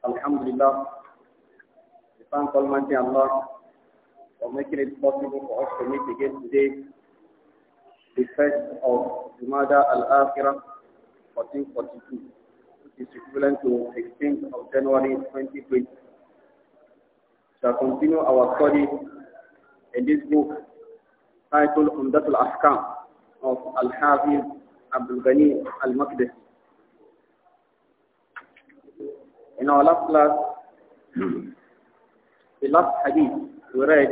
Alhamdulillah, we thank Almighty Allah for making it possible for us to meet again today, the first of Jumada al-Akhirah 1442, which is equivalent to 16th of January 2020. shall continue our study in this book titled Umdat al-Ahkam of Al-Hafiz Abdul Ghani Al-Maqdis In our last class, the last hadith we read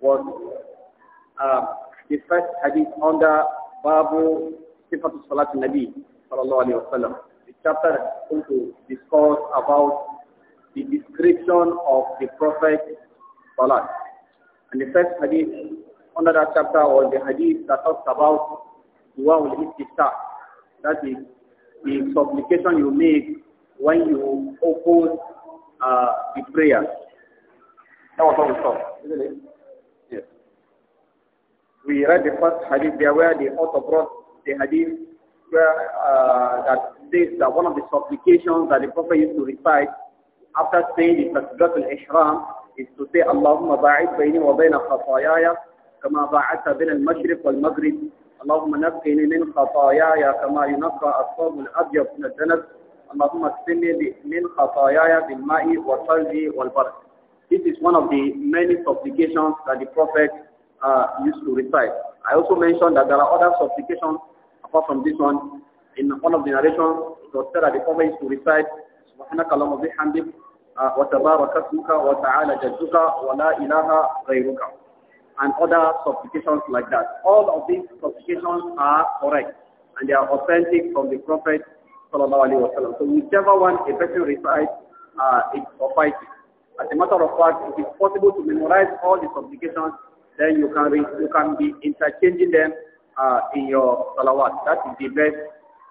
was uh, the first hadith under Babu Sifatu Salat Nabi sallallahu alayhi wa The chapter going to discuss about the description of the Prophet Salat. And the first hadith under that chapter was the hadith that talks about Dua ul Istishtah. That is the supplication you make when you oppose uh, the prayer. That was all we isn't it? Yes. We read the first hadith there where the author brought the hadith where uh, that says that one of the supplications that the Prophet used to recite after saying the Tasbirat al is to say Allahumma ba'id bayni wa bayna khatayaya كما باعدت بين Allahumma والمغرب min نقني kama خطاياي كما ينقى الثوب الابيض al الدنس this is one of the many supplications that the Prophet uh, used to recite. I also mentioned that there are other supplications apart from this one. In one of the narrations, it was said that the Prophet used to recite, uh, and other supplications like that. All of these supplications are correct and they are authentic from the Prophet sallallahu So whichever one a person recites, uh, it suffices. As a matter of fact, if it is possible to memorize all the supplications, then you can, you can be interchanging them uh, in your salawat. That is the best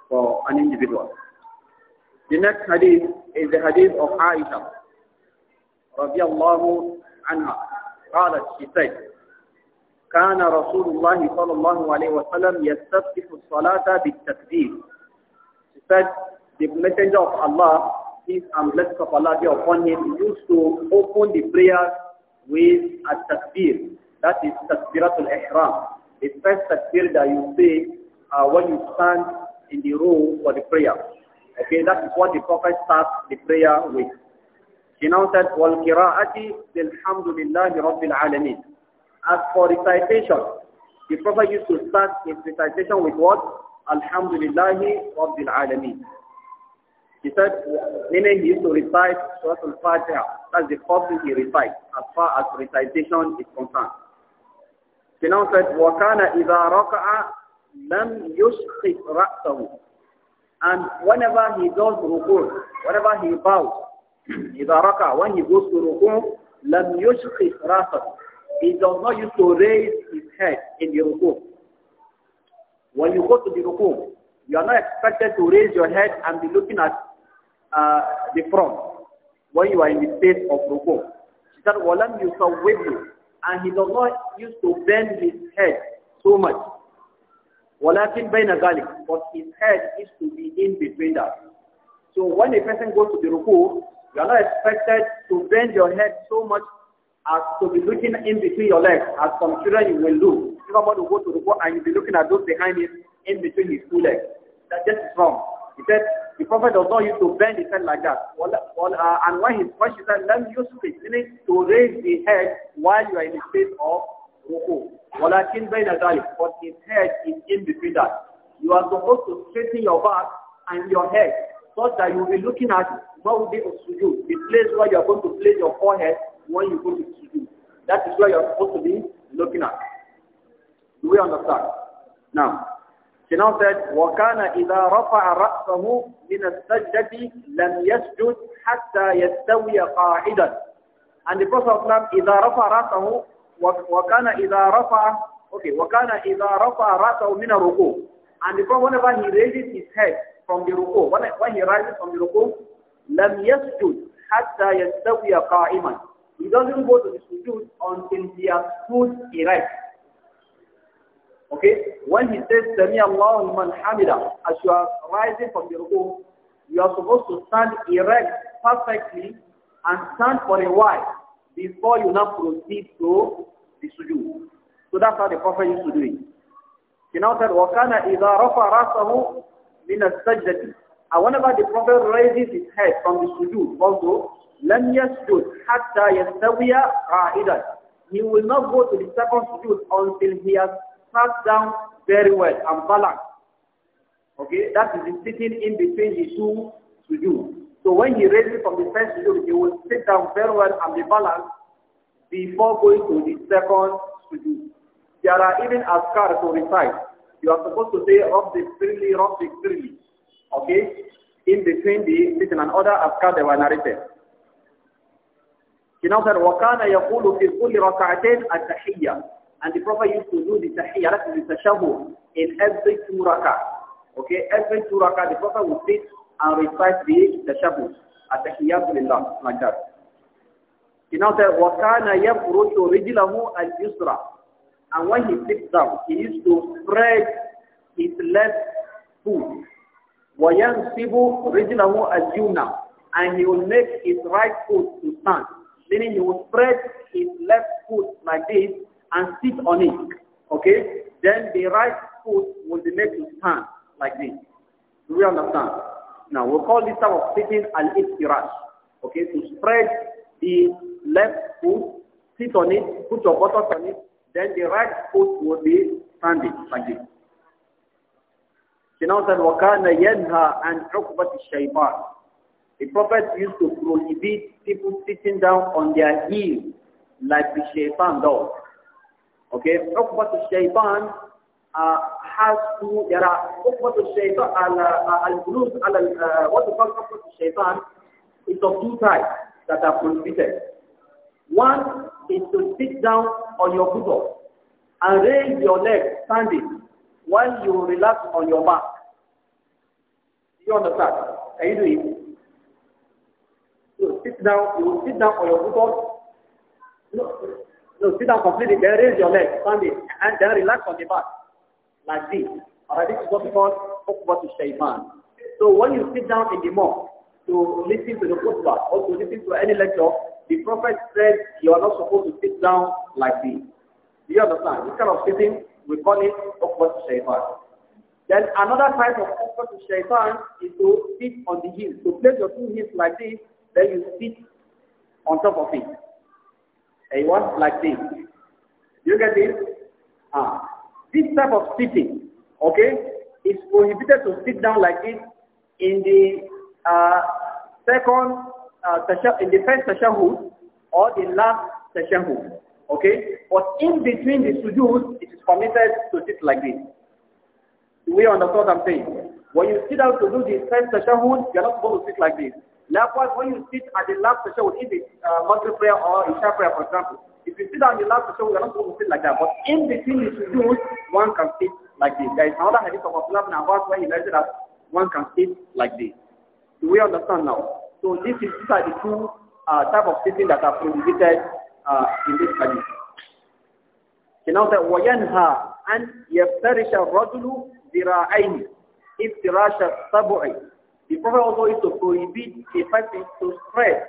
for an individual. The next hadith is the hadith of Aisha. رضي anha. قالت she said كان رسول الله صلى الله عليه وسلم يستفتح الصلاة بالتكبير that the messenger of Allah, peace and blessings of Allah be upon him, used to open the prayer with a takbir. That is takbiratul ihram. The first takbir that you say uh, when you stand in the room for the prayer. Okay, that is what the Prophet starts the prayer with. He now said, وَالْقِرَاءَةِ بِالْحَمْدُ لِلَّهِ رَبِّ الْعَالَمِينَ As for recitation, the Prophet used to start his recitation with what? الحمد لله رب العالمين He said, meaning he used to recite Surah Al-Fatiha. That's the first thing he recites as far as recitation is concerned. He now said, وَكَانَ إِذَا رَكَعَ لَمْ يُشْخِفْ رَأْسَهُ And whenever he does ruku, whenever he bows, إِذَا رَكَعَ When he goes to ruku, لَمْ يُشْخِفْ رَأْسَهُ He does not use to raise his head in the ruku. When you go to the ruku, you are not expected to raise your head and be looking at uh, the front when you are in the state of ruku. He said, وَلَمْ يُصَوِّبْهُ And he does not used to bend his head so much. Walakin بَيْنَ ذَلِكَ But his head is to be in between that. So when a person goes to the ruku, you are not expected to bend your head so much as to be looking in between your legs, as some children will do. Somebody will go to the and you'll be looking at those behind him in between his two legs. That just is wrong. He said, the Prophet does not use to bend his head like that. Well, well, uh, and when he his he said, let me use it, meaning to raise the head while you are in the state of i وَلَكِنْ بَيْنَ ذَلِكَ But his head is in between that. You are supposed to straighten your back and your head so that you will be looking at Mawdi of Sujood, the place where you are going to place your forehead when you go to Sujood. That is where you are supposed to be looking at. Do we understand? Now, she now said, وَكَانَ إِذَا رَفَعَ رَأْسَهُ مِنَ السَّجْدَةِ لَمْ يَسْجُدْ حَتَّى يَسْتَوِيَ قَاعِدًا And the Prophet of Islam, إِذَا رَفَعَ رَأْسَهُ وَكَانَ إِذَا رَفَعَ Okay, وَكَانَ إِذَا رَفَعَ رَأْسَهُ مِنَ الرُّكُوعِ And the Prophet, whenever he raises his head from the ruku, when, when he rises from the ruku, لَمْ يَسْجُدْ حَتَّى يَسْتَوِيَ قَائِمًا He doesn't go to the sujood until he has stood erect. Okay? When he says, Sami Allahu man hamida, as you are rising from your room, you are supposed to stand erect perfectly and stand for a while before you now proceed to the sujood. So that's how the Prophet used to do it. He now said, وَكَانَ إِذَا رَفَى رَأْسَهُ مِنَ السَّجْدَةِ And whenever the Prophet raises his head from the sujood also, لَمْ يَسْجُدْ حَتَّى يَسْتَوِيَ قَائِدًا He will not go to the second sujood until he has sat down very well and balanced. Okay, that is sitting in between the two sujood. So when he raises from the first sujood, he will sit down very well and be balanced before going to the second sujood. There are even askar to recite. You are supposed to say Rabbi freely, the freely. Okay? In between the sitting and other askar they were narrated. He now said, وَكَانَ يَقُولُ فِي كُلِّ رَكَعَتَيْنِ التَّحِيَّةِ and the Prophet used to do the tahiyya, that is the tashahu, in every two rakah. Okay, every two rakah, the Prophet would sit and recite the tashahu, at Allah, like that. He now said, وَكَانَ يَفْرُشُ رِجِلَهُ الْيُسْرَى And when he sits down, he used to spread his left foot. وَيَنْصِبُ رِجِلَهُ الْيُمْنَى And he will make his right foot to stand. Meaning he will spread his left foot like this and sit on it. Okay? Then the right foot will be made to stand like this. Do we understand? Now, we call this type of sitting al-iftirash. Okay? To spread the left foot, sit on it, put your buttocks on it, then the right foot will be standing like this. now said, وَكَانَ يَنْهَى عَنْ عُقْبَةِ الشَّيْطَانِ The Prophet used to prohibit people sitting down on their heels like the shaitan does. Okay, Uqbat al-Shaytan uh, has to, there are Uqbat al-Shaytan, al-Bulus, al, uh, al, uh, what we call Uqbat al-Shaytan is of two types that are prohibited. One is to sit down on your bosom and raise your leg standing while you relax on your back. Do You understand? Can you do it? You sit down, you sit down on your bosom. You no, sit down completely. Then raise your leg, stand it, and then relax on the back. Like this. Alright, this is what we call Uqbatu Shaitan. So when you sit down in the mosque to listen to the khutbah or to listen to any lecture, the Prophet said you are not supposed to sit down like this. Do you understand? This kind of sitting, we call it Uqbatu Shaitan. Then another type of Uqbatu Shaitan is to sit on the heels. To place your two heels like this, then you sit on top of it a what? Like this. You get this? Ah. This type of sitting, okay, is prohibited to sit down like this in the uh, second, uh, in the first tashahud or the last tashahud, okay? But in between the sujood, it is permitted to sit like this. Do we understand what I'm saying? When you sit down to do the first tashahud, you're not supposed to sit like this. Likewise, when you sit at the last tashahud, in the uh, Maghrib prayer or Isha prayer, for example, if you sit down in the last tashahud, you're not supposed to sit like that. But in between the sujood, one can sit like this. There is another hadith of Abdullah ibn Abbas where he mentioned that one can sit like this. Do we understand now? So this is, these are the two uh, type of sitting that are prohibited uh, in this hadith. He now said, وَيَنْهَى أَنْ يَفْتَرِشَ الرَّجُلُ ذِرَاعَيْنِ iftirash al-sab'i. The Prophet also is to prohibit a person to spread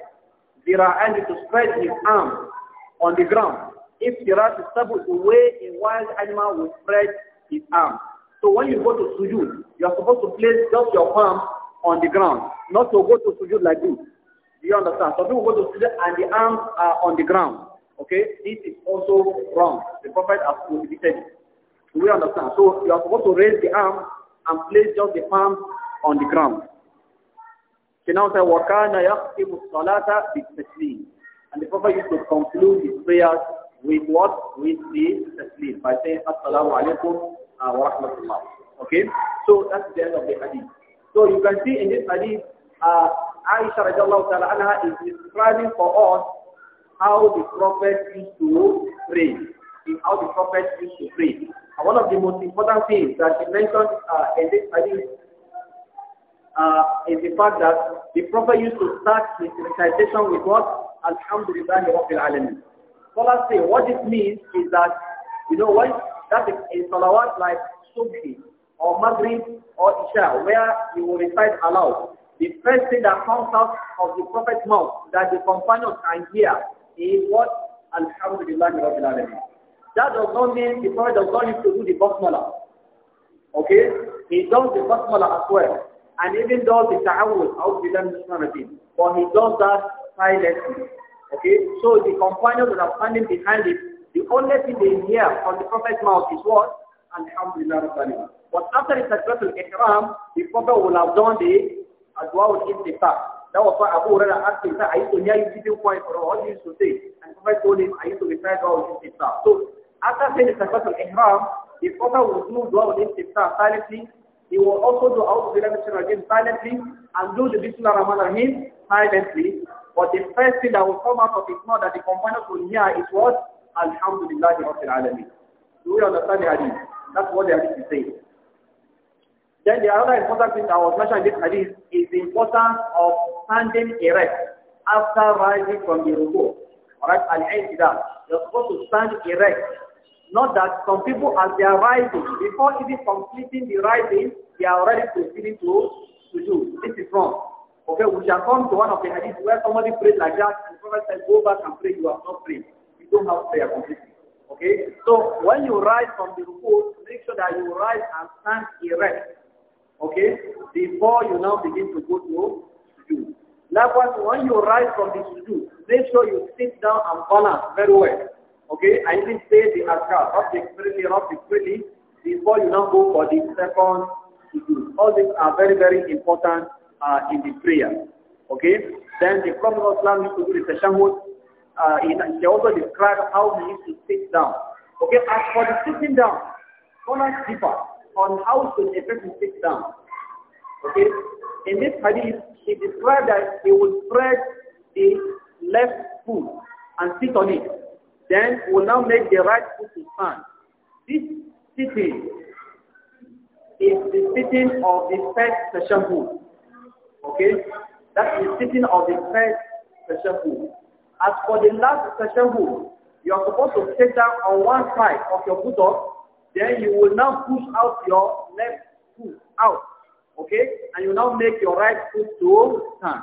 and to spread his arm on the ground. If Iftirash al-sab'i, the way a wild animal will spread his arm. So when you go to sujud, you are supposed to place just your palm on the ground, not to go to sujud like this. Do you understand? So people go to sujud and the arms are on the ground. Okay, this is also wrong. The Prophet has prohibited it. Do we understand? So you are supposed to raise the arm and place just the palms on the ground. She now said, وَكَانَ يَخْتِمُ الصَّلَاةَ بِالتَّسْلِيمِ And the Prophet used to conclude his prayers with what? With the taslim. By saying, Assalamu alaykum wa rahmatullah. Okay? So that's the end of the hadith. So you can see in this hadith, uh, Aisha radiallahu ta'ala anha is describing for us how the Prophet used to pray. How the Prophet used to pray one of the most important things that he mentioned uh, in this hadith uh, is the fact that the Prophet used to start his recitation with what? Alhamdulillah Rabbil Alameen. us say what it means is that, you know what, that is in salawat like Subhi or Maghrib or Isha where you will recite aloud. The first thing that comes out of the Prophet's mouth that the companions can hear is what? Alhamdulillah Rabbil Alameen. That does not mean the Prophet does not need to do the basmala. Okay? He does the basmala as well. And even does the ta'awud, out with the But he does that silently. Okay? So the companions that are standing behind it, the only thing they hear from the Prophet's mouth is what? Alhamdulillah Rabbanim. But after the Sajdatul Ikram, the Prophet will have done the Adwa the intifaq That was why Abu Huraira asked him, I used to hear you giving point for all you used to say. And the Prophet told him, I used to recite all his stuff. So after saying the Takbiratul Ihram, he also would do Dua al-Istiftah silently. He will also do the Billahi Rajim silently and do the Bismillah Rahman Rahim silently. But the first thing that will come out of his mouth that the companions will hear is what? Alhamdulillah Rabbil Alameen. Do we understand the hadith? That's what the hadith is saying. Then the other important thing that was mentioned in this hadith is the importance of standing erect after rising from the ruku. Alright, al that, You're supposed to stand erect not that some people, as they are writing, before even completing the writing, they are already proceeding to, to do. This is wrong. Okay, we shall come to one of the hadith where somebody prayed like that, and the Prophet said, go back and pray, you have not prayed. You don't have prayer completely. Okay? So when you rise from the report, make sure that you rise and stand erect. Okay? Before you now begin to go to sujood. Likewise, when you rise from the sujood, make sure you sit down and balance very well. Okay, I will say the askar, not the not expressly, before you now go for the second All these are very, very important uh, in the prayer. Okay, then the Prophet of Islam used to do the tashahud. Uh, he also described how he used to sit down. Okay, as for the sitting down, much deeper on how to a sit down. Okay, in this hadith, he described that he would spread the left foot and sit on it then will now make the right foot to stand. This sitting is the sitting of the first tashahu. Okay? That's the sitting of the first tashahu. As for the last tashahu, you are supposed to sit down on one side of your buttock, then you will now push out your left foot out. Okay? And you now make your right foot to stand.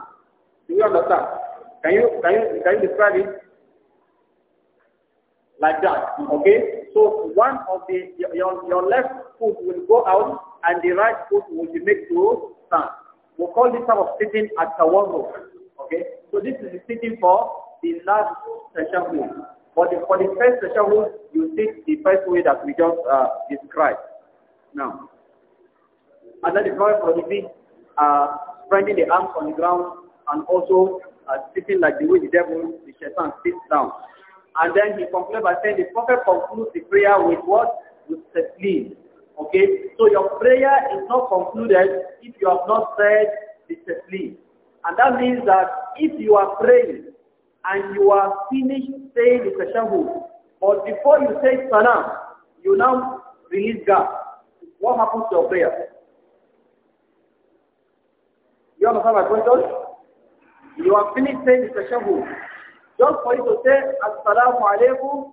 Do you understand? Can you, can you, can you describe it? like that. Okay? So one of the, your, your left foot will go out and the right foot will be made to stand. We we'll call this type of sitting at tawarru. Okay? So this is the sitting for the last session rule. But the, for the first session rule, you sit the first way that we just uh, described. Now, another drawing for the uh, spreading the arms on the ground and also uh, sitting like the way the devil, the shaitan, sits down. And then he concludes by saying the Prophet concludes the prayer with what? With taslim. Okay? So your prayer is not concluded if you have not said the taslim. And that means that if you are praying and you are finished saying the tashahud, but before you say salam, you now release God. What happens to your prayer? You understand my question? You are finished saying the tashahud. Just for you to Assalamu alaikum,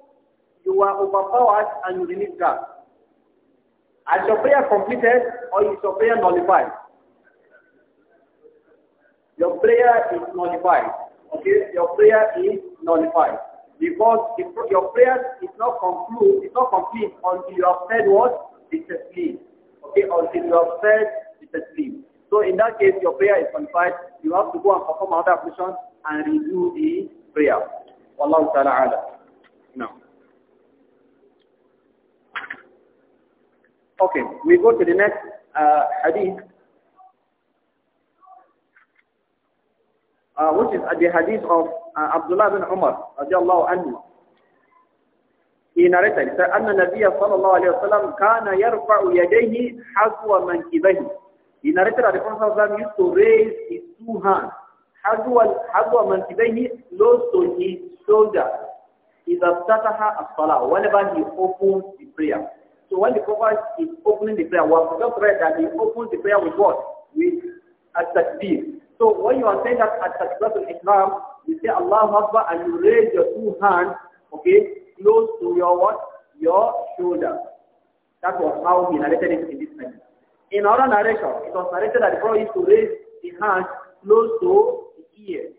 you are overpowered and you release God. As your prayer completed or is your prayer nullified? Your prayer is nullified. Okay, your prayer is nullified. Because if your prayer is not conclude, it's not complete until you have said what? The tasleem. Okay, until you have said the tasleem. So in that case, your prayer is nullified. You have to go and perform another ablution and redo the prayer. Wallahu ta'ala ala. Now. Okay, we go to the next uh, hadith. Uh, which is the hadith of uh, Abdullah bin Umar radiallahu anhu. He narrated, he said, أن النبي صلى الله عليه وسلم كان يرفع يديه حذو He narrated that the Prophet used to raise his two hands حذو منكبيه close to his shoulder إذا افتتح الصلاة whenever he opens the prayer. So when the Prophet is opening the prayer, we have just read that he opens the prayer with what? With at-takbir. So when you are saying that at is al you say Allah Akbar and you raise your two hands, okay, close to your what? Your shoulder. That was how he narrated it in this manner. In other narration, it was narrated that the Prophet used to raise the hands close to ear.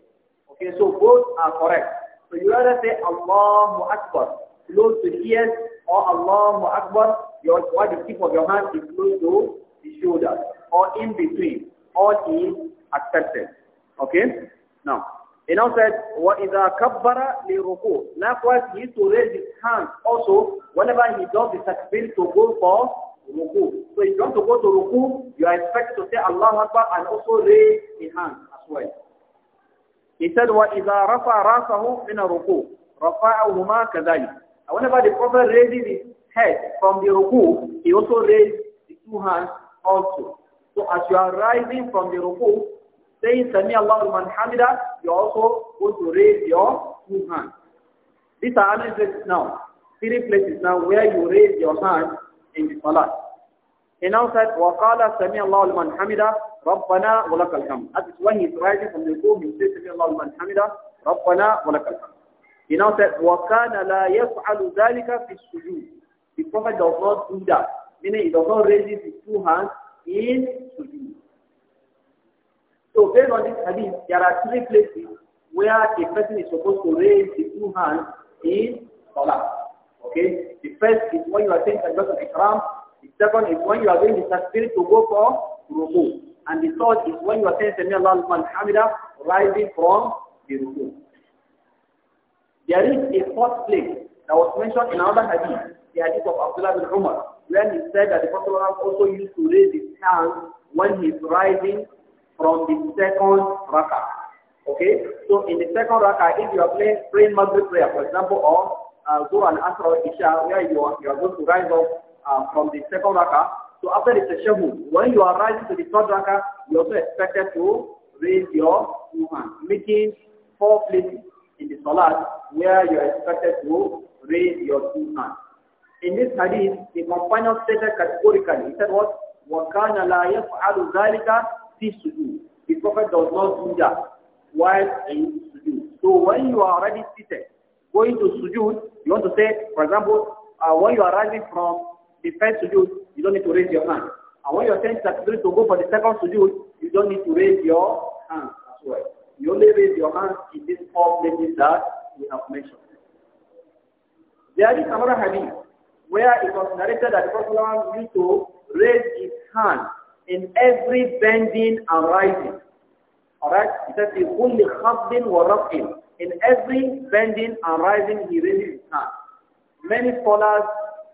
Okay, so both are correct. So you to say Allahu Akbar, close to the ears, or Allahu Akbar, your, while the tip of your hand is close to the shoulder, or in between. All is accepted. Okay? Now, he now says, وَإِذَا كَبَّرَ لِرُكُوعٍ Likewise, he used to raise his hand also whenever he does the takbir to go for ruku. So if you want to go to ruku, you are expected to say Allah Akbar and also raise the hand as well. He said, وَإِذَا رَفَى رَاسَهُ مِنَ الرُّكُوعِ رَفَعَهُمَا كَذَلِكَ And whenever the Prophet raised his head from the ruku, he also raised the two hands also. So as you are rising from the ruku, saying Sami Allahu man hamida, you also going to raise your two hands. These are only now, three places now where you raise your hands in the salat. He now said, وَقَالَ سَمِيَ اللَّهُ لِمَنْ حَمِدَهُ ربنا ولك الحمد. That is when he's rising from the tomb, he says, Sami Allahu ربنا ولك الحمد. He now said, وَكَانَ لَا يَفْعَلُ ذَلِكَ فِي السُّجُودِ The Prophet does not do that. Meaning he does not raise his two hands in sujood. So based on this hadith, there are three places where a person is supposed to raise his two hands in salah. Okay? The first is when you are saying Sajdat al-Ikram. The second is when you are doing the takbir to go for ruku. And the third is when you are saying Sami Allah al rising from the ruku. There is a fourth place that was mentioned in another hadith, the hadith of Abdullah bin Umar, when he said that the Prophet also used to raise his hand when he is rising from the second rakah. Okay? So in the second rakah, if you are playing, praying Maghrib prayer, for example, or uh, and Asr or Isha, where you are, you are going to rise up uh, from the second rakah, so after the tashahud, when you are rising to the third rakah, you also expected to raise your two hands, making four places in the salat where you are expected to raise your two hands. In this hadith, the companion stated categorically, he said what? وَكَانَ لَا يَفْعَلُ ذَلِكَ فِي سُجُودٍ The Prophet does not do that while in sujood. So when you are already seated, going to sujood, you want to say, for example, uh, when you are rising from the first sujood, you don't need to raise your hand. And when you're sent to go for the second sujood, you don't need to raise your hand as well. You only raise your hand in these four places that we have mentioned. There is another hadith where it was narrated that the Prophet used to raise his hand in every bending and rising. Alright? It says, only khafdin wa raf'in. In every bending and rising, he raises his hand. Many scholars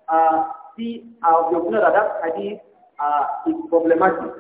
uh, see, uh, we know that that hadith uh, is problematic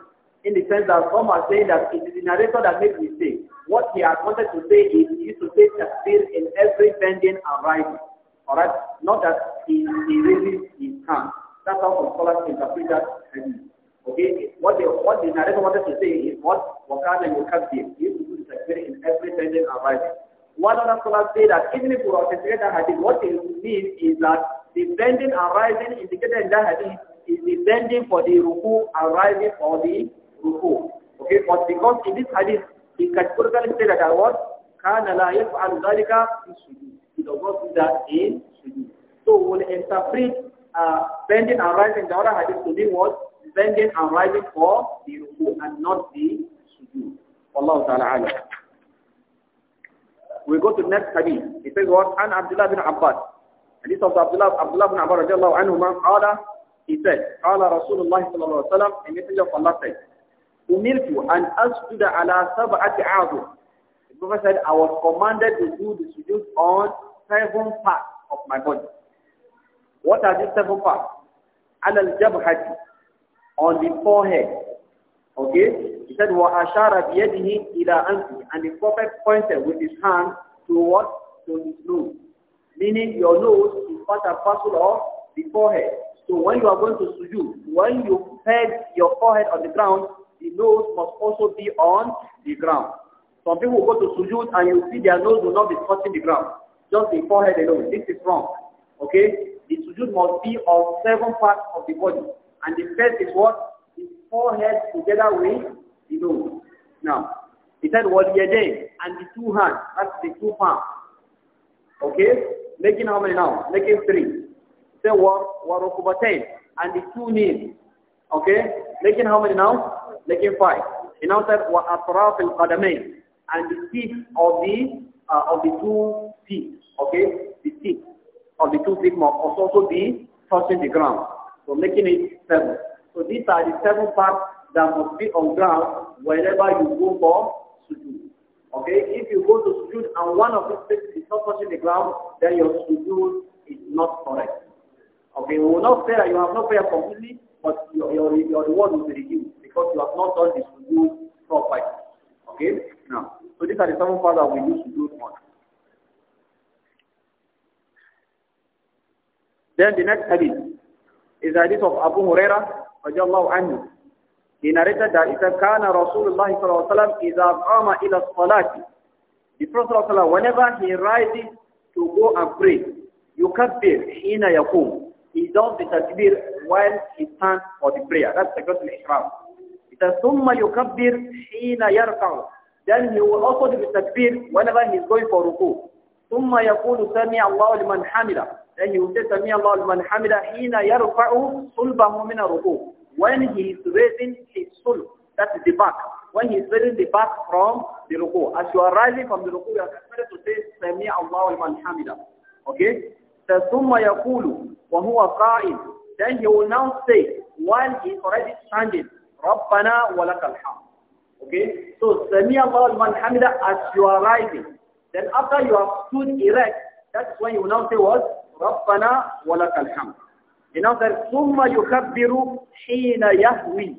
in the sense that some are saying that it is the narrator that makes mistake. What he has wanted to say is he used to say tafsir in every bending and rising. Alright? Not that he, he raises his hand. That's how some scholars interpret that hadith. Okay? What the, what the narrator wanted to say is what Wakana Yukabdi. He used to do tafsir in every bending and rising. One other scholar say that even if we authenticate that hadith, what it means is that the bending and rising indicated in that hadith is the bending for the ruku and rising for the ruku. Okay, but because in this hadith, the categorically said that what? كَانَ لَا يَفْعَلُ ذَلِكَ فِي السُّجُودِ He does not do that in sujood. So we'll interpret uh, bending and rising the other hadith to be was Bending and rising for the ruku and not the sujood. Wallahu ta'ala alam. We go to the next hadith. It says what? An Abdullah bin Abbas this of Abdullah, Abdullah ibn Abbas radiallahu anhuma, qala, he said, qala Rasulullah sallallahu alayhi wa sallam, a messenger of Allah said, umirtu an asjuda ala sab'ati a'zur. The Prophet said, I was commanded to do the sujood on seven parts of my body. What are these seven parts? Ala al-jabhati, on the forehead. Okay? He said, wa ashara biyadihi ila anfi. And the Prophet pointed with his hand to what? To his nose meaning your nose is part and parcel of the forehead. So when you are going to sujud, when you peg your forehead on the ground, the nose must also be on the ground. Some people go to sujud and you see their nose will not be touching the ground, just the forehead alone. This is wrong. Okay? The sujud must be on seven parts of the body. And the first is what? The forehead together with the nose. Now, he said, what well, and the two hands, that's the two palms. Okay? Making how many now? Making three. Say what? And the two knees. Okay? Making how many now? Making five. He now said, wa atraf al And the feet of the, uh, of the two feet. Okay? The feet of the two feet must also be touching the ground. So making it seven. So these are the seven parts that must be on ground wherever you go for sujood. Okay, if you go to sujood and one of these feet is not touching the ground, then your sujood is not correct. Okay, we will not say that you have not prayed completely, but your, your, your reward will be reduced because you have not done the sujood properly. Okay, now, so these are the seven parts that we use sujood on. Then the next hadith is the hadith of Abu Huraira, radiallahu anhu. He narrated that it said, Kana Rasulullah sallallahu alayhi wa sallam ila salati. The Prophet sallallahu whenever he rises to go and pray, yukabbir hina yakum. He does the takbir while he stands for the prayer. That's the Ghusl Ihram. It says, ثم يكبر حين يركع. Then he will also do the takbir whenever he is going for ruku. ثم يقول سمع الله لمن حمده. Then he will say سمع الله لمن حمده حين يرفع صلبه من الركوع. when he is raising his soul, that is the back, when he is raising the back from the ruku. As you are rising from the ruku, you are expected to say, Sami Allahu liman hamida. Okay? ثُمَّ يَقُولُ Then he will now say, while he is already standing, رَبَّنَا وَلَكَ Okay? So, Sami Allahu liman hamida as you are rising. Then after you have stood erect, that's when you will now say what? رَبَّنَا وَلَكَ inaanza thumma yukabbiru hina yahwi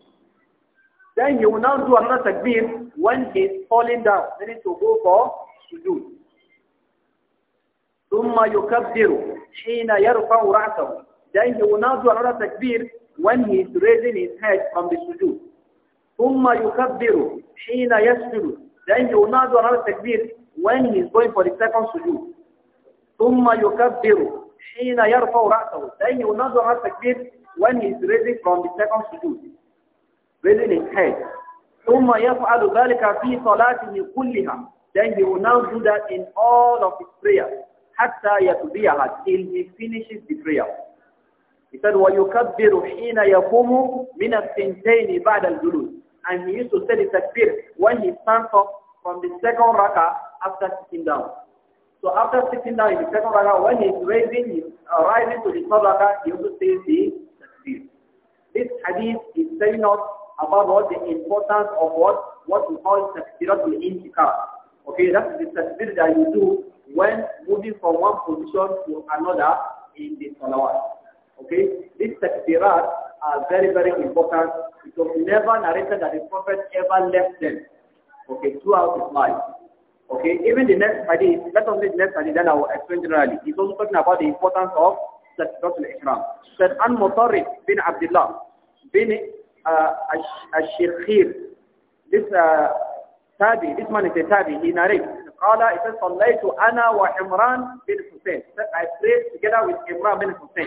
then you will now do another takbir when he is falling down then it will go for sujood thumma yukabbiru hina yarfa'u ra'sahu then he will now do another takbir when he is raising his head from the sujood thumma yukabbiru hina yasjudu then he will now do another takbir when he is going for the second sujood thumma yukabbiru حين يرفع رأسه then he will not do our when he is ready from the second sujood raising his head ثم يفعل ذلك في صلاته كلها then he will now do that in all of his prayers حتى يتبيها till he finishes the prayer he said ويكبر حين يقوم من الثنتين بعد الجلوس and he used to say the takbir when he stands up from the second raka after sitting down so after sitting down in the second rakah, when he's raising, he's rising to the third rakah, he also says the takbir. This hadith is telling us about what the importance of what what we call takbirat al intikar. Okay, that's the takbir that you do when moving from one position to another in the salawat. Okay, these takbirat are very very important. because we never narrated that the Prophet ever left them. Okay, throughout his life. Okay, even the next hadith, let us read the next hadith, then I will explain generally. He's also talking about the importance of Sadaqatul Ikram. Said, An Mutarrif bin Abdullah bin uh, Ash-Shikhir. This uh, tabi, this man is a tabi, he narrates. قال إذا صليت أنا وعمران بن حسين. Said, I prayed together with Imran bin Hussein.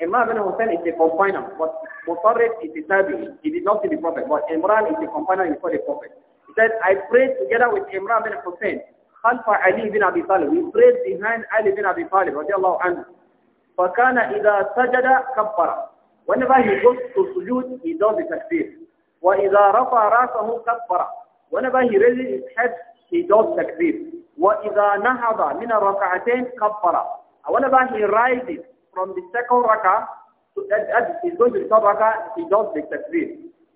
Imran bin Hussein is a companion, but Mutarrif is a tabi. He did not see the Prophet, but Imran is a companion before the Prophet. He said, I prayed together with Imran bin Hussein, خلف Ali bin Abi Talib. We prayed behind Ali bin Abi Talib, radiallahu anhu. فَكَانَ إِذَا سَجَدَ كَبَّرَ Whenever he goes to sujood, he does the takbir. وَإِذَا رَفَى رَاسَهُ كَبَّرَ Whenever he raises his head, he does takbir. وَإِذَا نَهَضَ مِنَ الرَّكَعَتَيْنِ كَبَّرَ Whenever he rises from the second rak'ah, so that, that is going to the third rak'ah, he does the takbir.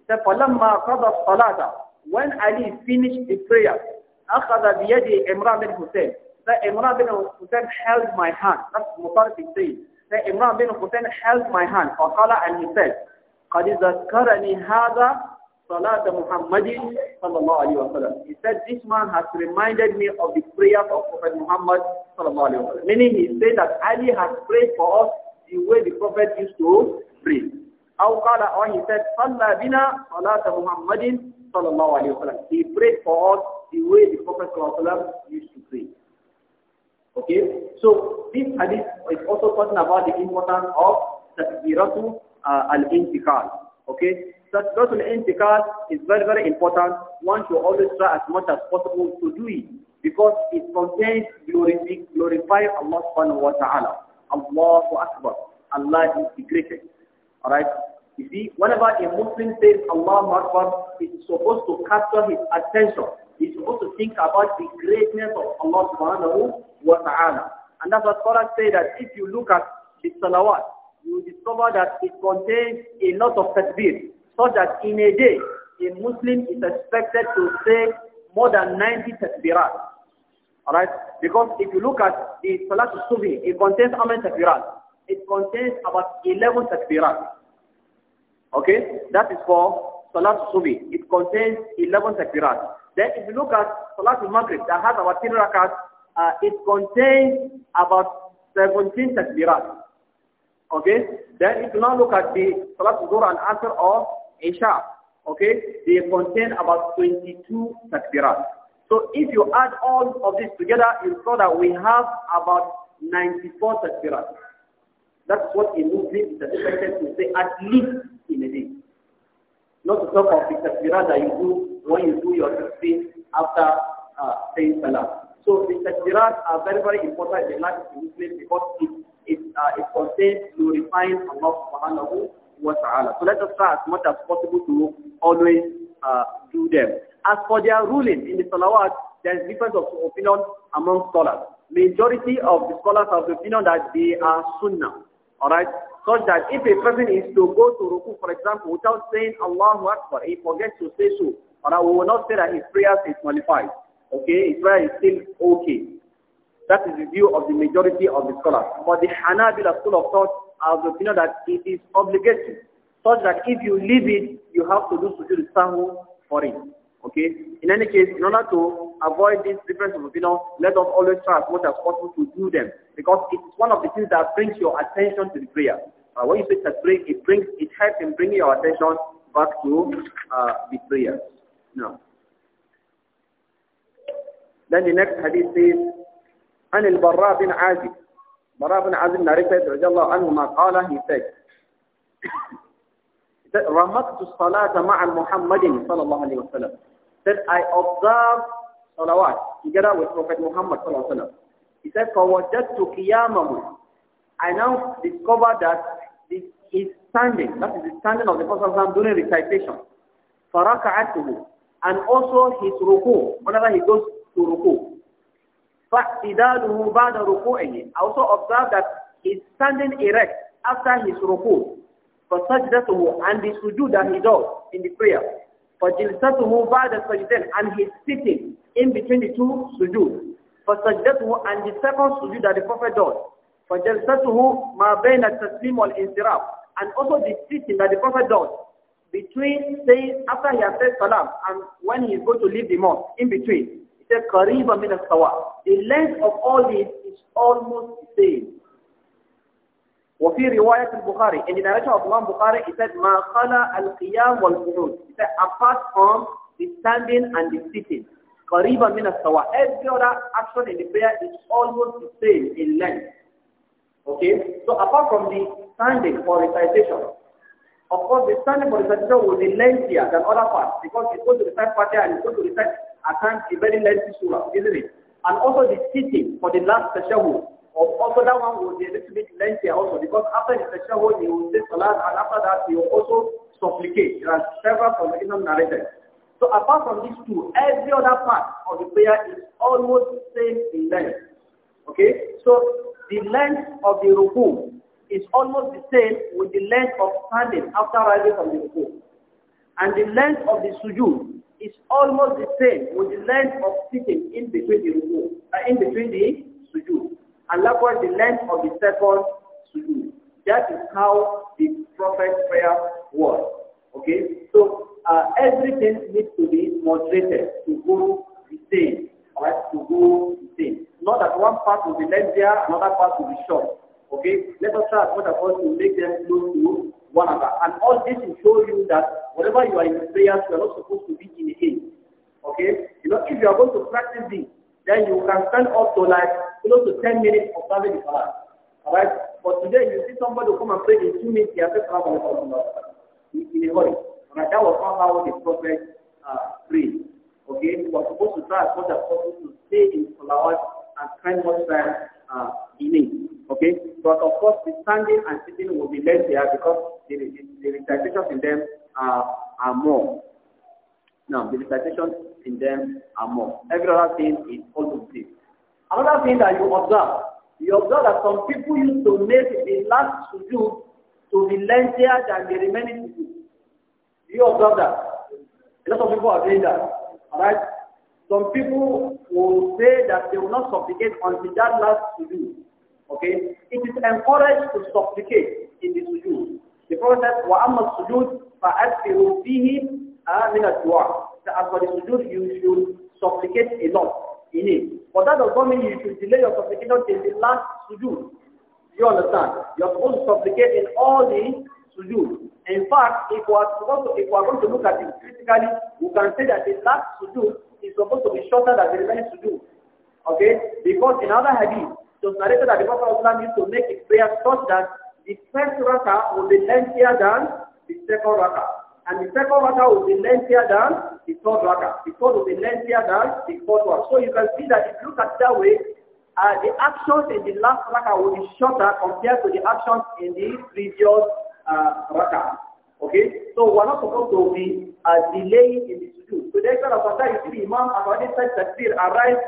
فَلَمَّا قَضَى الصَّلَاةَ when Ali finished the prayer, أخذ بيدي Imran bin Hussein. That Imran bin Hussein held my hand. That's Mutarif says. That Imran bin Hussein held my hand. فقال and he said, قد ذكرني هذا صلاة محمد صلى الله عليه وسلم. He said, this man has reminded me of the prayer of Prophet Muhammad صلى الله عليه وسلم. Meaning he said that Ali has prayed for us the way the Prophet used to pray. أو قال or he said, صلى بنا صلاة محمد sallallahu alayhi wa sallam. He prayed for us the way the Prophet sallallahu alayhi wa sallam used to pray. Okay, so this hadith is also talking about the importance of takbiratu uh, al-intikal. Okay, takbiratu al-intikal is very, very important. One should always try as much as possible to do it because it contains glorifying glorify Allah subhanahu wa ta'ala. Allahu Akbar. Allah is the greatest. Alright, you see, whenever a Muslim says Allah Akbar, it's supposed to capture his attention. He's supposed to think about the greatness of Allah subhanahu wa ta'ala. And that's what scholars say that if you look at the salawat, you discover that it contains a lot of takbir, So that in a day, a Muslim is expected to say more than 90 takbirat. Alright? Because if you look at the Salat al-Subhi, it contains how many takbirat? It contains about 11 takbirat. Okay? That is for Salat Subi. It contains 11 takbirat. Then if you look at Salat Maghrib that has about 10 rakat, uh, it contains about 17 takbirat. Okay? Then if you now look at the Salat Zuhr and Asr or Isha, okay, they contain about 22 takbirat. So if you add all of this together, you saw that we have about 94 takbirat. That's what a Muslim is expected to say at least in a day. Not to talk of the takbirah that you do when you do your tasbih after uh, saying salah. So the takbirahs are very, very important in the life of the Muslim because it, it, uh, it contains glorifying Allah subhanahu wa ta'ala. So let us try as much as possible to always uh, do them. As for their ruling in the salawat, there is difference of opinion among scholars. Majority of the scholars have the opinion that they are sunnah. Alright? such that if a person is to go to ruku, for example, without saying Allahu Akbar, he forgets to say so, and I will not say that his prayer is nullified. Okay, his prayer is still okay. That is the view of the majority of the scholars. But the Hanabila school of thought has the opinion that it is obligatory, such that if you leave it, you have to do sujood sahu for it. Okay? In any case, in order to avoid this difference of opinion, let us always try as much as possible to do them. Because it's one of the things that brings your attention to the prayer. Uh, when you say that pray, it brings, it helps in bringing your attention back to uh, the prayer. Now. Then the next hadith says, al البراء bin عازب براء bin عازب narrated رضي Anhu عنهما قال he said رمضت الصلاة مع محمد صلى الله عليه وسلم said, I observed salawat together with Prophet Muhammad sallallahu alaihi wasallam. He said, فَوَجَدْتُ قِيَامَهُ I now discovered that this is standing, that is the standing of the Prophet during recitation. فَرَكَعَتُهُ And also his ruku, whenever he goes to ruku. فَاعْتِدَالُهُ بَعْدَ رُكُوعِهِ I also observed that he's standing erect after his ruku. فَسَجْدَتُهُ And the sujood that he does in the prayer. فَجِلْسَتُهُ بَعْدَ سَجْدَيْنِ And his sitting in between the two sujood. فَسَجْدَتُهُ And the second sujood that the Prophet does. فَجَلْسَتُهُ مَا بَيْنَ التَّسْلِيمِ وَالْإِنْصِرَافِ And also the sitting that the Prophet does between saying, after he has said salam and when he is going to leave the mosque, in between. He says قَرِيبًا مِنَ السَّوَى The length of all this is almost the same. وفي رواية البخاري in the narration of Imam he said ما خلا القيام والقعود he said apart from the standing and the sitting قريبا من السواء every other action in the prayer is almost the same in length okay so apart from the standing for recitation of course the standing for recitation will be lengthier than other parts because it's going to recite Fatiha and it's going to recite at times a very lengthy surah isn't it and also the sitting for the last tashahud also, that one will be a little bit lengthier also because after the tashahud, you will say salat and after that you also supplicate. There are several from the Imam narrated. So apart from these two, every other part of the prayer is almost same in length. Okay? So the length of the ruku is almost the same with the length of standing after rising from the ruku. And the length of the sujood is almost the same with the length of sitting in between the ruku, uh, in between the sujood and likewise the length of the second sujood. That is how the prophet's prayer was. Okay, so uh, everything needs to be moderated to go the same. Alright, to go the same. Not that one part will be lengthier, another part will be short. Okay, let us try as much as possible to make them close to one another. And all this will show you that whatever you are in prayers, you are not supposed to be in a Okay, you know, if you are going to practice this, then you can stand up to like close to 10 minutes of serving the salah. Alright? But today you see somebody come and pray in 2 minutes, he has said salam alaikum in a hurry. Alright? That was not how the Prophet uh, prayed. Okay? We are supposed to try as much as possible to stay in Salah and spend much time uh, in it. Okay? But of course, the standing and sitting will be less there because the, the, the recitations in them are, are more. Now, the recitations in them are more. Every other thing is all the same. Another thing that you observe, you observe that some people used to make the last sujood to be lengthier than the remaining people. You observe that. A lot of people are doing that. Alright? Some people will say that they will not supplicate until that last sujood. Okay? It is encouraged to supplicate in the sujood. The Prophet says, وَأَمَّا السُّجُودُ فَأَكْفِرُوا فِيهِ مِنَ الدُّعَى That as for the sujood, you should supplicate a lot in it. But that does not mean you should delay your supplication till the last sujood. You understand? You are supposed to supplicate in all the sujood. In fact, if we are supposed to, if we are going to look at it critically, we can say that the last sujood is supposed to be shorter than the remaining sujood. Okay? Because in other hadith, it was narrated that the Prophet used to make his prayer such that the first rakah would be lengthier than the second rakah. And the second rakah would be lengthier than the third rakah. The third will be lengthier than the fourth one. So you can see that if you look at that way, uh, the actions in the last rakah will be shorter compared to the actions in the previous uh, rakah. Okay? So we're not supposed to be uh, delaying in the sujood. So the extent of that, you see the Imam has already said that takbir arrives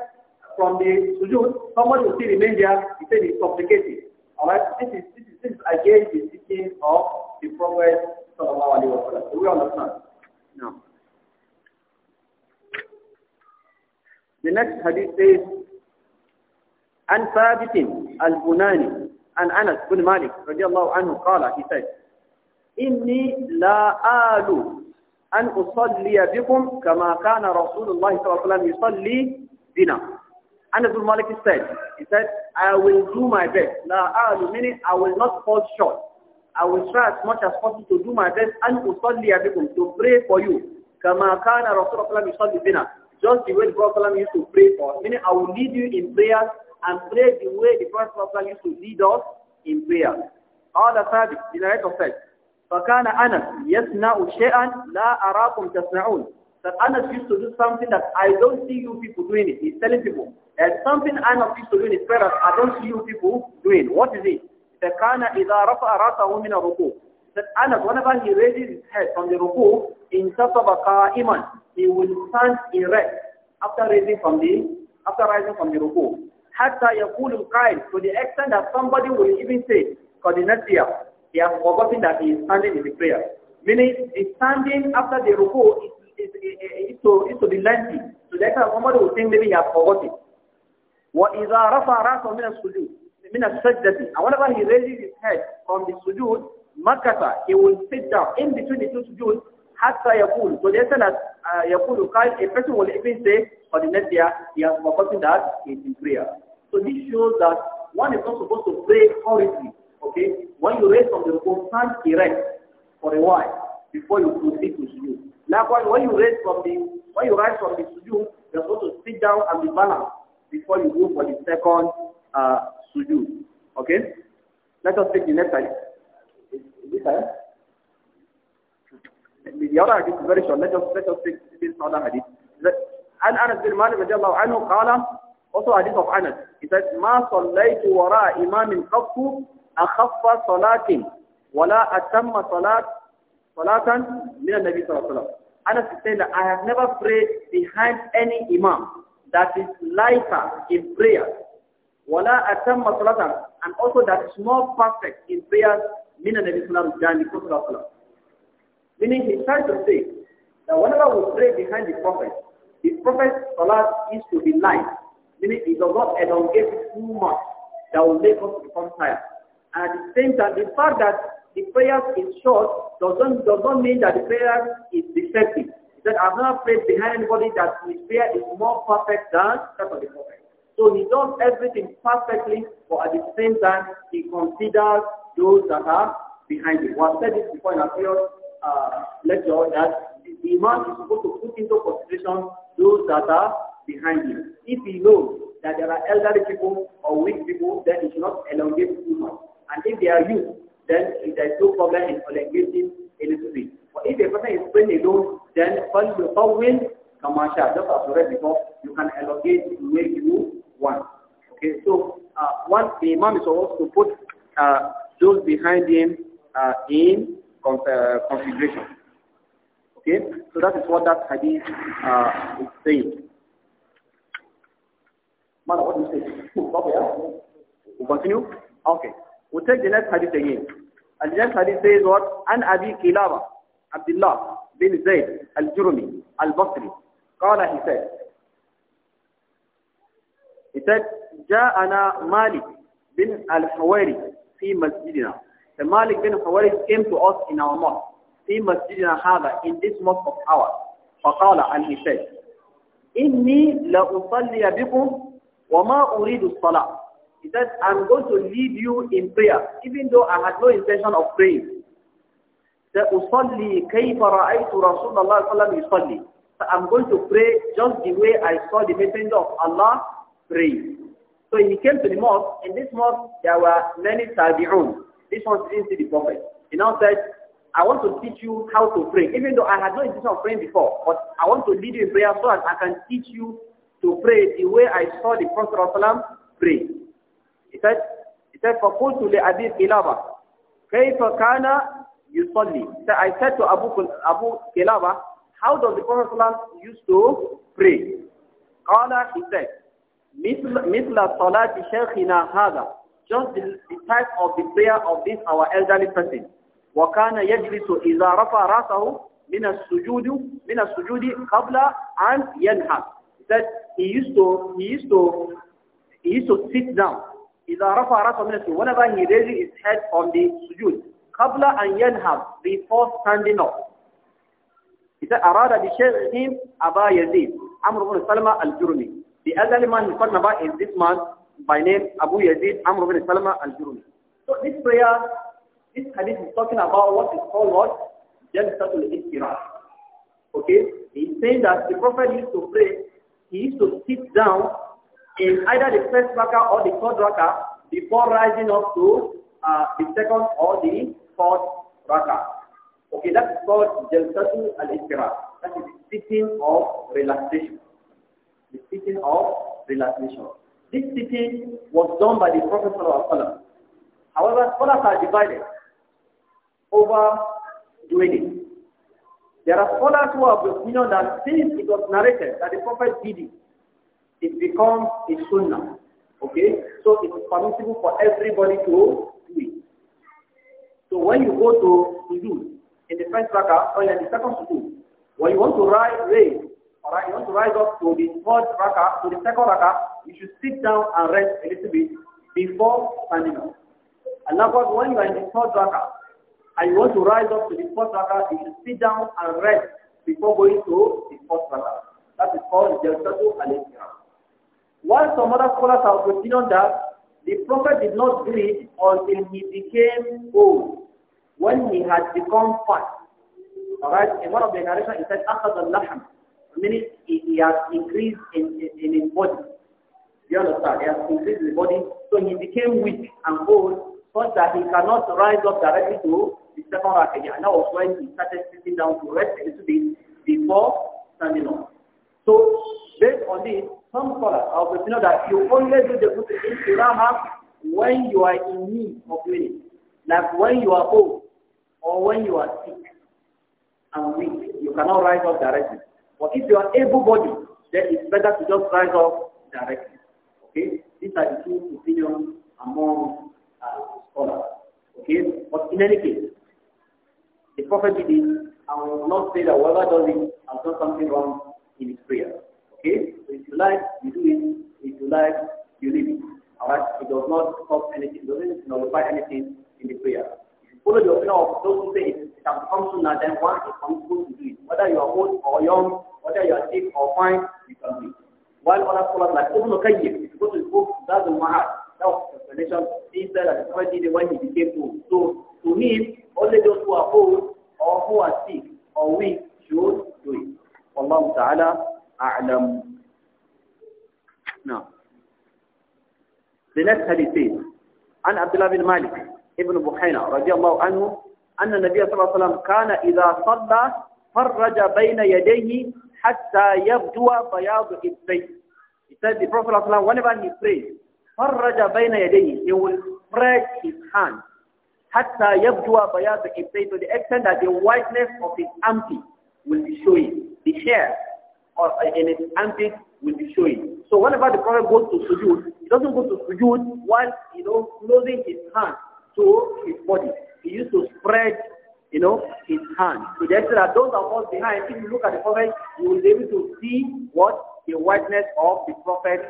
from the sujood. someone will still remain there. He said it's complicated. Alright? This is, this is, this is again the teaching of the Prophet Sallallahu Alaihi Wasallam. Do we understand? No. The next hadith says, "An ثابت al-Bunani an Anas bin Malik الله anhu قال he said "Inni la alu an usalli بكم kama kana Rasulullah sallallahu صلى الله عليه وسلم يصلي Anas bin Malik said, he said, I will do my best. La alu meaning I will not fall short. I will try as much as possible to do my best and usalli abikum, to pray for you. Kama kana Rasulullah sallallahu alaihi wasallam Just the way the Prophet used to pray for us. Meaning, I will lead you in prayer and pray the way the first Prophet used to lead us in prayer. All the Sadiq, the narrator said, فَكَانَ أَنَسْ يَسْنَعُ شَيْئًا لَا أَرَاكُمْ تَسْنَعُونَ That Anas used to do something that I don't see you people doing it. He's telling people, there's something Anas used to do in his prayer I don't see you people doing. What is it? فَكَانَ إِذَا رَفَأَ رَأْسَهُ مِنَ الرُّكُوعِ that Anas, whenever he raises his head from the ruku, in a qa'iman, he will stand erect after raising from the after rising from the ruku. Hatta yakul al to the extent that somebody will even say, for the next year, he has forgotten that he is standing in the prayer. Meaning, the standing after the ruku is, is, is, is, to, is to be lengthy. So that somebody will think maybe he has forgotten. وَإِذَا رَفَعَ رَاسَ مِنَ السُّجُودِ مِنَ السَّجْدَةِ And whenever he raises his head from the sujood, مكث he will sit down in between the two sujood حتى يقول so they us, that uh, a person will even say for the next year he has forgotten that he in prayer so this shows that one is not supposed to pray hurriedly okay when you raise from the phone stand erect for a while before you proceed to sujood likewise when you raise from the when you rise from the sujood you're supposed to sit down and be balanced before you go for the second uh, sujood okay let us take the next slide is it time? The other hadith is very short. Let us, let us take this other hadith. عن أنس بن مالك رضي الله عنه also hadith of Anas he says ما صليت وراء إمام قط أخف صلاة ولا أتم صلاة صلاة من النبي صلى الله عليه وسلم Anas is saying that I have never prayed behind any imam that is lighter in prayer ولا أتم صلاة and also that is more perfect in prayer min an Islam than the Prophet Meaning he tried to say that whenever we pray behind the Prophet, the Prophet's salat is to be light, meaning he does not elongate too much that will make us become tired. And at the same time, the fact that the prayer is short doesn't, does not mean that the prayer is defective. That I've not prayed behind anybody that his prayer is more perfect than that of the Prophet. So he does everything perfectly, but at the same time, he considers those that are behind it. We have said this before in a previous uh, lecture that the Imam is supposed to put into consideration those that are behind him. If he knows that there are elderly people or weak people, then he should not elongate too much. And if they are youth, then there is no problem in elongating a little bit. But if a person is praying alone, then first you will commercial, just as we read before, you can allocate make you want. Okay, so uh, one the imam is supposed to put uh, those behind him are in uh, configuration. Okay, so that is what that hadith uh, is saying. Man, what do you say? we continue? Okay. We'll take the next hadith again. And the next hadith says what? An Abi Kilaba, Abdullah bin Zayd al-Jurumi al-Basri. Qala, he said. He said, جاءنا مالك بن الحويري في مسجدنا. The Malik bin Khawarij came to us in our mosque. في مسجدنا هذا in this mosque of ours. فقال and he said, إني لأصلي بكم وما أريد الصلاة. He said, I'm going to lead you in prayer, even though I had no intention of praying. سأصلي كيف رأيت رسول الله صلى الله عليه وسلم يصلي. So I'm going to pray just the way I saw the messenger of Allah praying. So he came to the mosque. In this mosque, there were many tabi'un. This one didn't see the prophet. He now said, I want to teach you how to pray. Even though I had no intention of praying before, but I want to lead you in prayer so that I can teach you to pray the way I saw the Prophet ﷺ pray. He said, he said, فَقُلْتُ لِأَبِي قِلَابَ كَيْفَ كَانَ يُصَلِّي so I said to Abu, Abu Qilaba, how does the Prophet ﷺ used to pray? قَالَ, he said, مثل صلاة شيخنا هذا just the, the type of the prayer of this our elderly person وكان يجلس إذا رفع رأسه من السجود من السجود قبل أن ينهض that he used to he used to he used to sit down إذا رفع رأسه من السجود whenever he raises his head on the sujud قبل أن ينهض before standing up he said أراد بشيخهم أبا يزيد عمرو بن سلمة الجرمي the elderly man he's talking about is this man by name Abu Yazid Amr bin Salama al-Jurumi. So this prayer, this hadith is talking about what is called what? Jalsatul Istirah. Okay? He's saying that the Prophet used to pray, he used to sit down in either the first raka or the third raka before rising up to uh, the second or the fourth raka. Okay, that's called Jalsatul al-Istirah. That is sitting of relaxation the sitting of relaxation. This sitting was done by the Prophet ﷺ. However, scholars are divided over doing it. There are scholars who have the opinion that since it was narrated that the Prophet did it, it becomes a sunnah. Okay? So it is permissible for everybody to do it. So when you go to sujood, in the first rakah or oh in the second sujood, when you want to write, raise Alright, you want to rise up to the third raka, to the second raka, you should sit down and rest a little bit before standing up. And now God, when you are in the third raka, and you want to rise up to the fourth raka, you should sit down and rest before going to the fourth raka. That is called Jalsatu al-Iqra. While some other scholars have opinion that the prophet did not do it until he became old, when he had become fat. Alright, in one of the narrations it said, أخذ اللحم meaning he, has increased in, in, in his body. You understand? He has increased his body, so he became weak and old, such that he cannot rise up directly to the second rack again. And that was when he started sitting down to rest a little bit before standing up. So, based on this, some scholars have you know that you only do the good in Irama when you are in need of doing it. Like when you are old or when you are sick and weak, you cannot rise up directly. But if you are able-bodied, then it's better to just rise up directly. Okay? These are the two opinions among uh, scholars. Okay? But in any case, the prophet did it, and will not say that whoever does it has done something wrong in his prayer. Okay? So if you like, you do it. If you like, you leave it. Alright? It does not stop anything, it doesn't nullify anything in the prayer. If you follow the opinion of those who say it it has become sunnah, then one is permissible to do it. Whether you are old or young, whether you are sick or fine, you can do it. While other scholars like Ibn Qayyim, if you go to book, that was the explanation, he said that the Prophet did it when he became old. So, to him, only those who are old or who are sick or weak should do it. Wallahu ta'ala a'lam. Now, the next hadith is, عن عبد الله بن مالك ابن بحينة رضي الله عنه أن النبي صلى الله عليه وسلم كان إذا صلى فرج بين يديه حتى يبدو بياض الزيت. He said the Prophet صلى الله عليه وسلم whenever he prays, فرج بين يديه, he will spread his hand حتى يبدو بياض الزيت to the extent that the whiteness of his armpit will be showing. The hair or uh, in his armpit will be showing. So whenever the Prophet goes to sujood, he doesn't go to sujood while you know closing his hand to his body he used to spread, you know, his hand. So that's that those of us behind, if you look at the prophet, you will be able to see what the whiteness of the prophet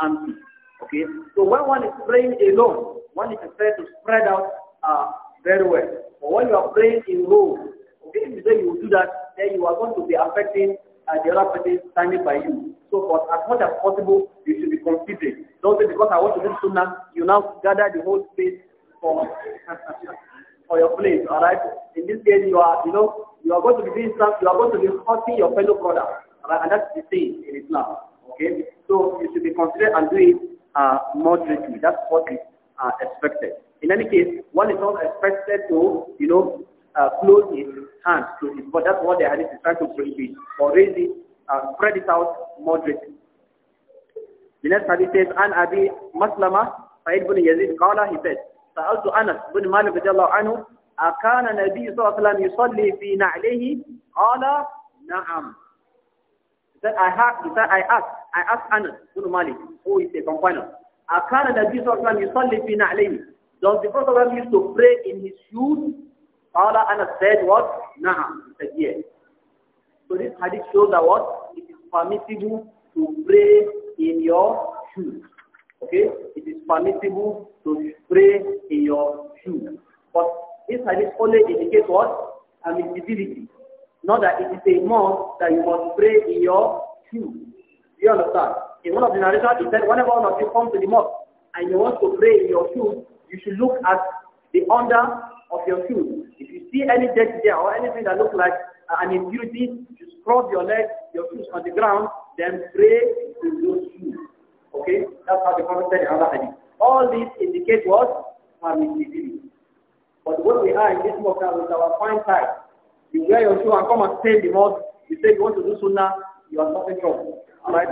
and Okay? So when one is praying alone, one is prepared to spread out uh, very well. But when you are praying in rows, okay, if you say you do that, then you are going to be affecting uh, the other person standing by you. So but as much as possible, you should be considerate. Don't say because I want to do sunnah, you now gather the whole space for for your place, alright? In this case, you are, you know, you are going to be doing something, you are going to be hurting your fellow brother, alright? And that's the thing in Islam, okay? So you should be considered and do it uh, moderately. That's what is uh, expected. In any case, one is not expected to, you know, uh, close his hand close his But That's what the hadith is trying to prohibit. Or raise it, uh, spread it out moderately. The next hadith says, and Abi Maslama, Sa'id bin Yazid, Qala, he said, سألت أنس بن مالك رضي الله عنه أكان النبي صلى الله عليه وسلم يصلي في نعليه قال نعم said I had, he said I asked, I asked Anas bin Malik, who is a companion, أكان النبي صلى الله عليه وسلم يصلي في نعليه Does the Prophet used to pray in his shoes? قال Anas said what? نعم. He said yes. So this hadith shows that what? It is permissible to pray in your shoes. Okay? It is permissible to spray in your shoe, But this hadith only indicates what? Admissibility. Not that it is a must that you must pray in your shoe, Do you understand? In one of the narrations, it said, whenever one of you comes to the mosque and you want to pray in your shoe, you should look at the under of your shoe. If you see any dirt there or anything that looks like an impurity, you scrub your leg, your shoes on the ground, then pray in that's how the Prophet said in another hadith. All these indicate what? Permissibility. But what we are in this mosque now is our fine side. You wear your shoe and come and stay in the mosque. You say you want to do sunnah, you are not in trouble. Alright?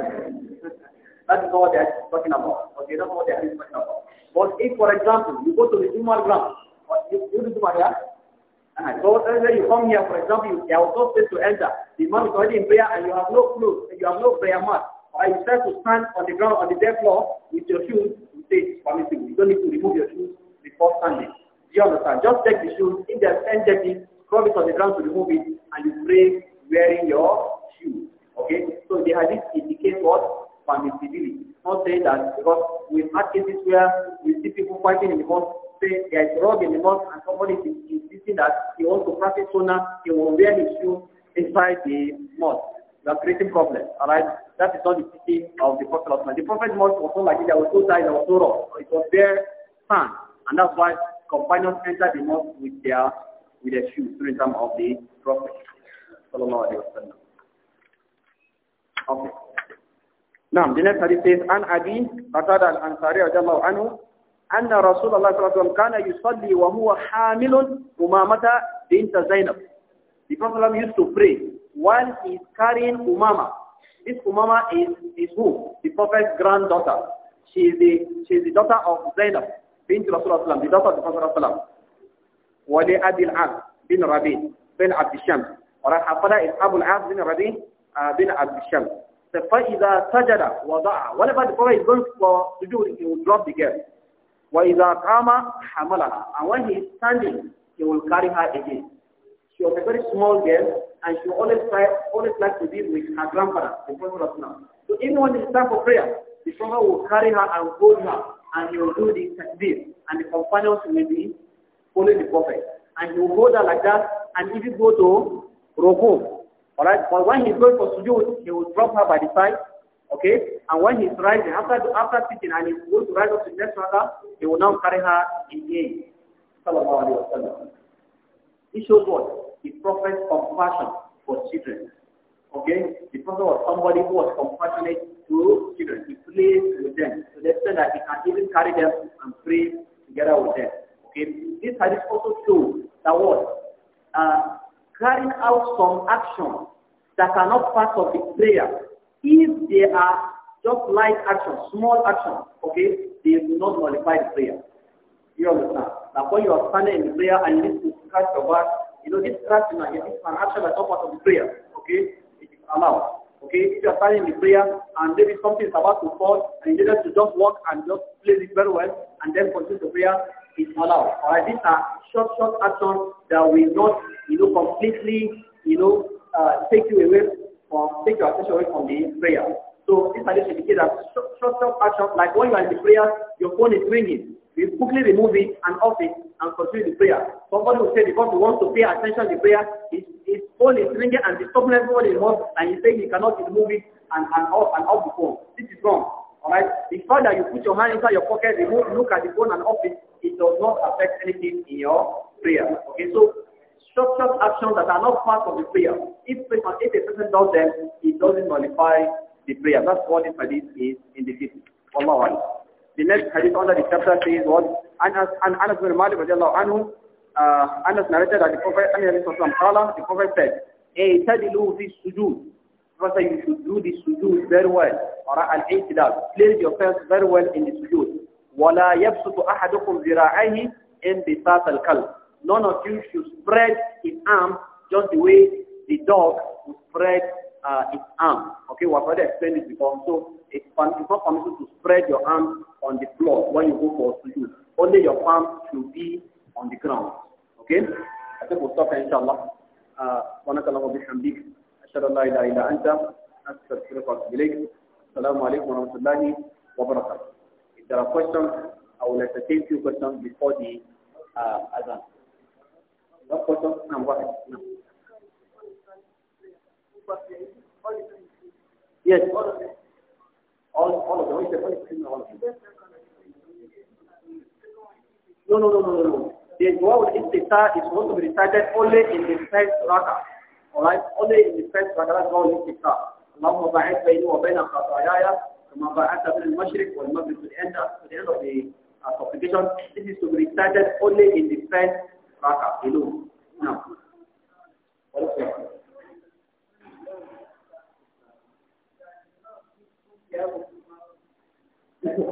that is all they are talking about. Okay, that's what they are talking about. But if, for example, you go to the Jumar ground, or you do the Jumar, yeah? Uh-huh. so uh, when you come here, for example, you, there was no space to enter. The man is already in prayer and you have no clue, you have no prayer mat or if to stand on the ground on the dead floor with your shoes, you say it's permissible. You don't need to remove your shoes before standing. Do you understand? Just take the shoes. If there's any dirty, scrub it on the ground to remove it, and you pray wearing your shoes. Okay? So the hadith indicates what? Permissibility. Not saying that because we've had cases where we see people fighting in the mosque, say there is rug in the mosque, and somebody is insisting that he wants to practice sunnah, he will wear his shoes inside the mosque. You are creating problems. Alright? That is not the teaching of the Prophet of The Prophet Muhammad was not like it. There was no tide, there was no rock. So it was bare sand. And that's why companions entered the mosque with their with their shoes during the time of the Prophet. Okay. Now, the next hadith says, An Abi, Qatada al-Ansari, radiallahu anhu, أن رسول الله صلى الله عليه وسلم كان يصلي وهو حامل أمامة بنت زينب. The Prophet used to pray while he's carrying Umama, this Umama is, is who? The Prophet's granddaughter. She is the, she is the daughter of Zainab bin Rasulullah the daughter of the Prophet Rasulullah. Wali Abil Ab bin Rabi bin Abd Shams. Alright, her father is Abu Ab bin Rabi uh, bin Abd Shams. So فَإِذَا سَجَدَ وَضَعَ Whatever the Prophet is going for to do, he will drop the girl. وَإِذَا kama حَمَلَهَا And when he is standing, he will carry her again. She was a very small girl, and she always like always like to be with her grandfather, the Prophet So even when it's time for prayer, the Prophet will carry her and hold her, and he will do the takbir, and the companions will be following the Prophet. And he will hold her like that, and if you go to Rukum, alright, but when he's going for sujood, he will drop her by the side, Okay? And when he's rising, after after sitting and he going to rise up to the next raka, he will now carry her in the air. Sallallahu shows what? the prophet's compassion for children. Okay? The prophet was somebody who was compassionate to children. He prayed with them so the that he can even carry them and pray together with them. Okay? This hadith also shows that what? Uh, carrying out some actions that are not part of the prayer, if they are just light actions, small actions, okay, they do not nullify the prayer. You understand? That when you are standing in prayer and need to catch your back, you know, this rational, this is an action that's part of the prayer, okay? It is allowed, okay? If you are standing in the prayer and maybe something is about to fall and you just to just walk and just place it very well and then continue the prayer, it's allowed. Alright, these are short, short actions that will not, you know, completely, you know, uh, take you away from, take your attention away from the prayer. So this suggestion indicates that short, short, short actions, like when you are in the prayer, your phone is ringing we quickly remove it and off it and continue the prayer. Somebody will say because he wants to pay attention to the prayer, his, his phone is ringing and disturbing everybody in the house and he's saying he cannot remove it and, and, off, and off the phone. This is wrong. Alright? The fact that you put your hand inside your pocket, remove, look at the phone and off it, it does not affect anything in your prayer. Okay, so structured actions that are not part of the prayer. If, if a person does them, it doesn't nullify the prayer. That's what this hadith is indicating. Wallahu the next hadith under the chapter says what? Anas, An Anas bin Malik radiallahu anhu, uh, Anas narrated that the Prophet, the Prophet said, اعتدلوا في السجود Prophet you should do the sujood very well. or al-i'tidal. Place yourself very well in the sujood. وَلَا يَبْسُطُ أَحَدُكُمْ ذِرَاعَيْهِ إِنْ بِسَاطَ الْكَلْبِ None of you should spread his arm just the way the dog would spread uh, its arm. Okay, we have already explained this before. So it's, it's not permitted to spread your arms on the floor when you go for sujood. Only your palm should be on the ground. Okay? I think we'll stop here, inshallah. سبحانك اللهم وبحمدك أشهد أن لا إله إلا أنت أستغفرك وأتوب إليك السلام عليكم ورحمة الله وبركاته. If there are questions, I will entertain few questions before the uh, Azan. No questions? No, go ahead. No. Yes. All, all of them. all of them. No, no, no, no, no, no. The dua with istiftah is supposed to be recited only in the first raka. Alright? Only in the first raka. That's all istiftah. اللهم باعث بيني وبين خطاياي كما باعثت بين المشرق والمغرب to the end of, to the end of the uh, supplication. This is to be recited only in the first rakah alone. Now, what is it? Yeah. Everybody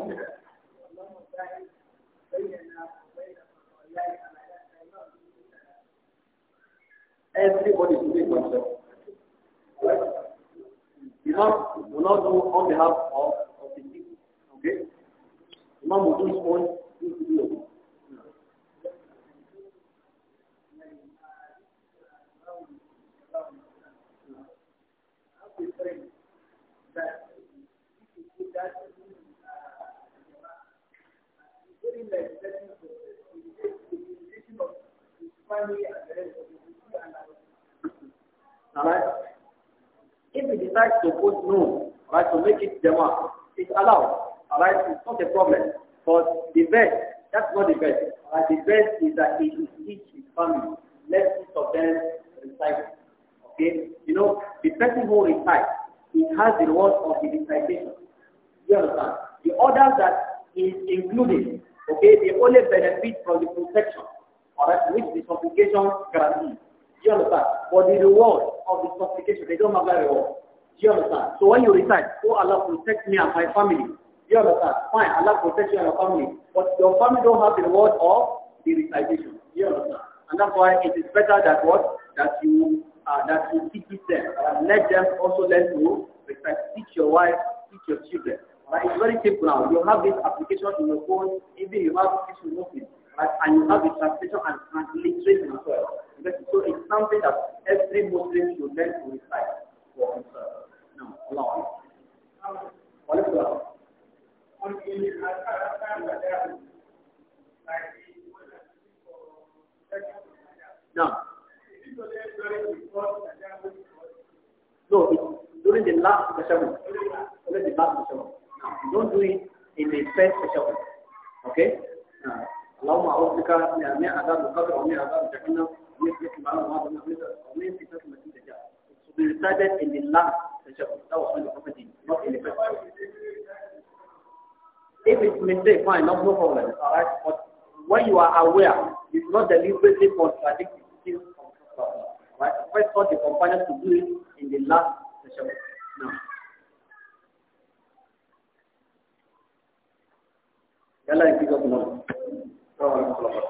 should make themselves. Imam will not do on behalf of, of the people. Okay? Imam will do his own Thank you. Right. If we decide to put no, right, to make it demand, it's allowed. Alright, it's not a problem. But the best, that's not the best. Right, the best is that it is teach his family. Let each of them recite. Okay? You know, the person who recites, he has the reward of the recitation. You understand? The order that is included okay, they only benefit from the protection, or at least the supplication guarantees. Do you understand? For the reward of the supplication, they don't have that reward. Do you understand? So when you recite, oh Allah protect me and my family, do you understand? Fine, Allah protect you and your family. But your family don't have the reward of the recitation. Do you understand? And that's why it is better that what? That you uh, that you teach them. Uh, let them also learn to recite. Teach your wife, teach your children. But it's very simple now. You have this application in your phone, even you have this notice, right? And you have the translation and transliteration as well. So it's something that every Muslim should learn to recite for himself. No, Allah. Allah. No. No, it's during the last session. During the last session. Don't do it in the first session. Okay? Now, اللهم أعوذ بك من عذاب القبر ومن عذاب جهنم ومن فتنة المعلم ومن ومن فتنة المسيح الدجال. So we recited in the last session. That was when the prophet did, not in the first session. If it's mistake, fine, no, no problem. All right? But when you are aware, it's not deliberately contradicting things from God. Right? First, all the companions to do it in the last session. Now, la ya No, no, no.